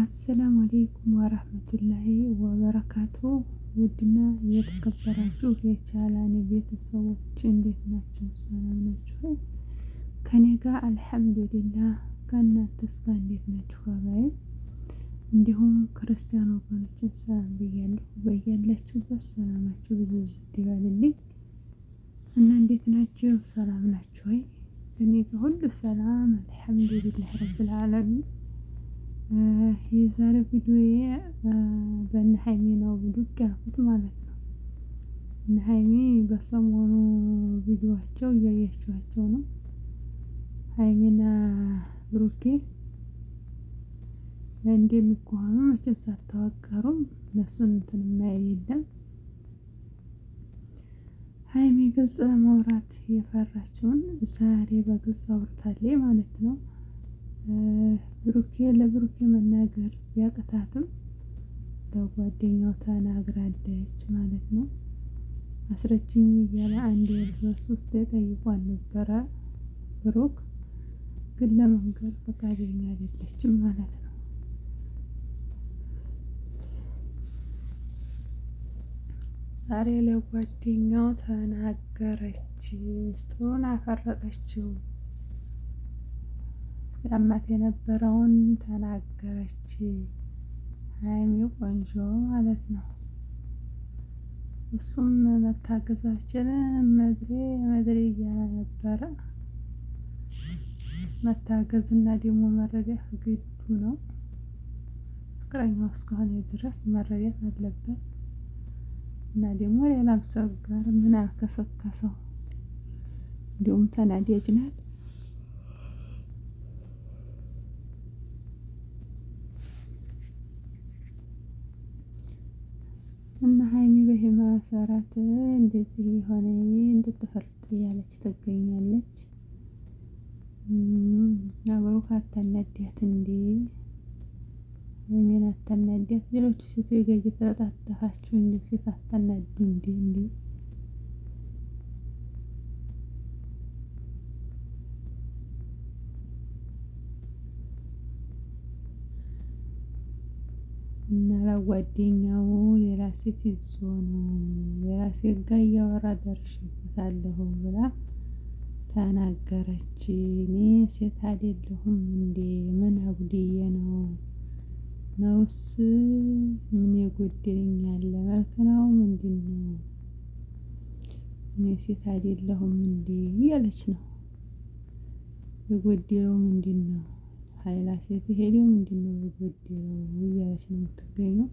አሰላሙ አሌይኩም ወረህመቱላሂ ወበረካቱ። ውድና የተከበራችሁ የቻላኔ ቤተሰቦች እንዴት ናቸው? ሰላም ናችሁ? ከኔ ጋር አልሐምዱሊላ። ከእናንተስ ጋር እንዴት ናችሁ? ባባይ እንዲሁም ክርስቲያን ወገኖችን ሰላም ብያለሁ። በያላችሁበት ሰላማችሁ ብዝዝት ይበልልኝ እና እንዴት ናቸው? ሰላም ናችሁ ወይ? ከኔ ጋር ሁሉ ሰላም አልሐምዱሊላህ ረብልዓለሚን የዛሬ ቪዲዮ በእነ ሀይሚ ነው ብዱቅ ያልኩት ማለት ነው። እነ ሀይሚ በሰሞኑ ቪዲዮቸው እያያችኋቸው ነው። ሀይሚና ብሩኬ እንደሚኳኑ መቼም ሳታዋቀሩም እነሱን እንትን የማይል የለም። ሀይሚ ግልጽ ለማውራት የፈራችውን ዛሬ በግልጽ አውርታለች ማለት ነው። ብሩኬ ለብሩኬ መናገር ቢያቅታትም ለጓደኛው ተናግራለች ማለት ነው። አስረችኝ እያለ አንድ ሁለት ሶስት ጠይቋል ነበረ ብሩክ ግን ለመንገር ፈቃደኛ አይደለችም ማለት ነው። ዛሬ ለጓደኛው ተናገረች፣ ሚስጥሩን አፈረጠችው። ሲያማት የነበረውን ተናገረች። ሀይሚ ቆንጆ ማለት ነው። እሱም መታገዛችን መድሬ መድሬ እያለ ነበረ። መታገዝ እና ደግሞ መረዳት ግዱ ነው። ፍቅረኛው እስከሆነ ድረስ መረዳት አለበት እና ደግሞ ሌላም ሰው ጋር ምን አልከሰከሰው? እንዲሁም ተናዳጅ ናት። አጋራት እንደዚህ የሆነ እንድትፈርጥ እያለች ትገኛለች። አብሩክ አታናዳት እንዴ? እኔን አታናዳት። ሌሎች ሴቶች ጋር እየተጣጣፋችሁ እንደ ሴት አታናዱ እንዴ? እንዴ ጓደኛው የራሴ ይዞ ነው የራሴ ጋር እያወራ ደርሽታለሁ ብላ ተናገረች። እኔ ሴት አይደለሁም እንዴ ምን አጉድዬ ነው? ነውስ ምን የጎደለኝ አለ መልክ ነው ምንድነው? እኔ ሴት አይደለሁም እንዴ እያለች ነው። የጎደለው ምንድነው? ከሌላ ሴት ምንድን ምንድነው የጎደለው እያለች ነው የምትገኘው።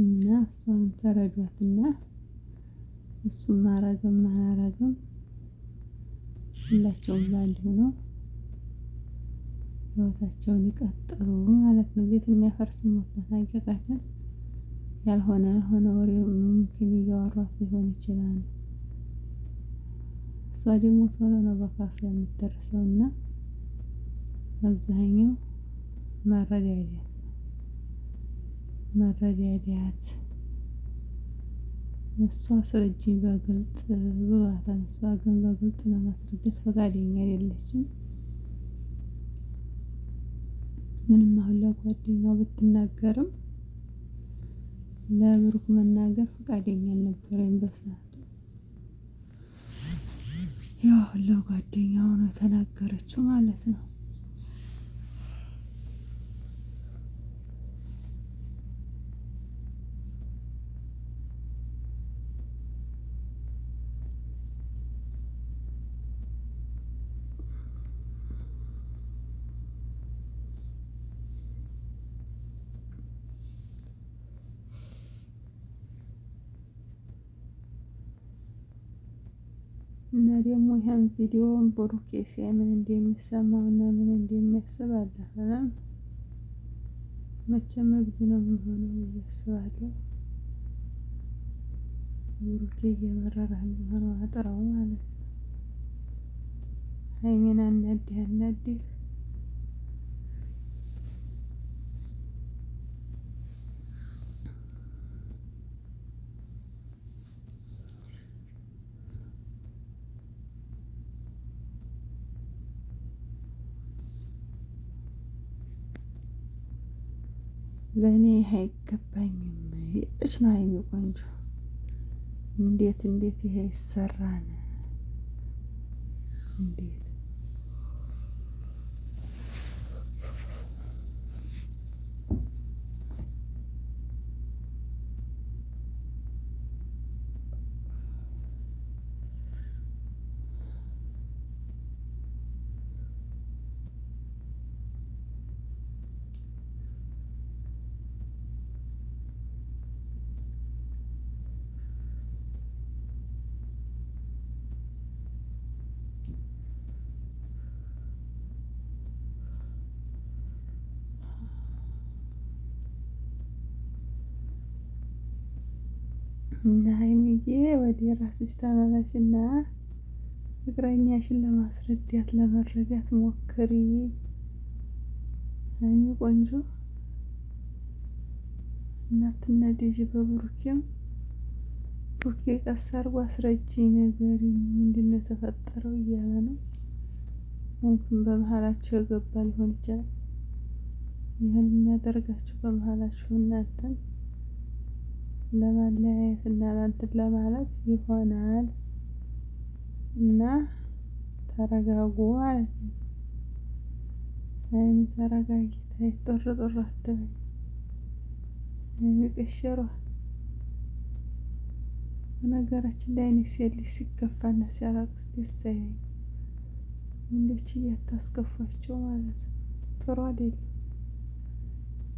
እና እሷን ተረዷትና እሱም ማረግም አላረግም ሁላቸውም ባንድ ሆነው ህይወታቸውን ይቀጥሉ ማለት ነው። ቤት የሚያፈርስ ሞት አይቀቃትን ያልሆነ ያልሆነ ወሬ ምምኪን እያወሯት ሊሆን ይችላል። እሷ ደግሞ ቶሎ ነው በካፍ የምትደርሰውና አብዛኛው መረዳዳት መረዳዳት እሷ አስረጂኝ በግልጽ ብሏታል። እሷ ግን በግልጽ ለማስረዳት ፈቃደኛ አይደለችም። ምንም አሁን ለጓደኛው ብትናገርም ለብሩክ መናገር ፈቃደኛ አልነበረም በሰዓቱ። ያው ለጓደኛው ነው ተናገረችው ማለት ነው። እና ደግሞ ይህን ቪዲዮውን ብሩኬ ሲያይ እንደሚሰማው እና ምን እንደሚያስብ አላፈለም። መቼም እብድ ነው የሚሆነው እያስባለሁ። አስባለሁ። ብሩኬ እየመረረ የሚሆነው አጥረው ማለት ነው። ሀይሜን አናዲህ አናዲህ ለእኔ አይገባኝም የለች ነው ሀይሚ ቆንጆ። እንዴት እንዴት ይሄ ይሰራል እንዴት እና ሀይሚዬ ወደ ራስሽ እና ፍቅረኛሽን ለማስረዳት ለመረዳት ሞክሪ። ሀይሚ ቆንጆ እናትናደጅ በብሩኬም ብሩኬ ቀስ አድርጎ አስረጅኝ ነገር ምንድን ነው የተፈጠረው እያለ ነው። ምንኩም በመሀላችሁ የገባ ሊሆን ይችላል። ይህን የሚያደርጋችሁ በመሀላችሁ እናንተን ለመለያየት እና እንትን ለማለት ይሆናል። እና ተረጋጉ ማለት ነው። ሀይሚ ተረጋጊ ታይ ጦር ጦር አትበይ። ሀይሚ ቀሸሯ በነገራችን ላይ እኔ ሴት ልጅ ሲከፋና ሲያለቅስ ደስ አይለኝም። ወንዶች እያታስከፏቸው ማለት ነው ጥሩ አይደለም።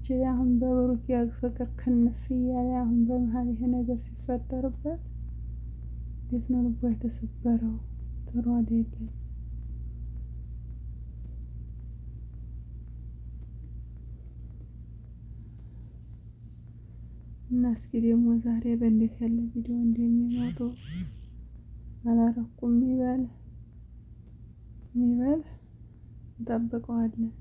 እች አሁን በብሩክ ያግ ፍቅር ክንፍ እያለ አሁን በመሀል ይሄ ነገር ሲፈጠርበት እንዴት ነው ልቧ የተሰበረው? ጥሩ አይደለም። እና እስኪ ደግሞ ዛሬ በእንዴት ያለ ቪዲዮ እንደሚመጡ አላረኩም ይበል ይበል እንጠብቀዋለን።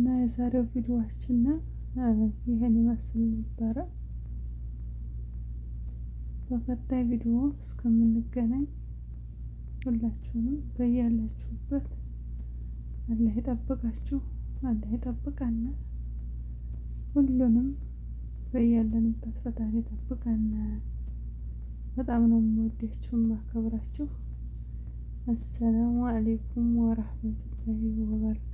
እና የዛሬው ቪዲዮችን ይህን ይመስል ነበረ። በቀጣይ ቪዲዮ እስከምንገናኝ ሁላችሁንም በያላችሁበት አላህ ይጠብቃችሁ፣ አላህ ይጠብቀን፣ ሁሉንም በያለንበት ፈጣሪ ይጠብቀን። በጣም ነው የምወዳችሁ የማከብራችሁ። አሰላሙ አሌይኩም ወረህመቱላሂ ወበረካቱ።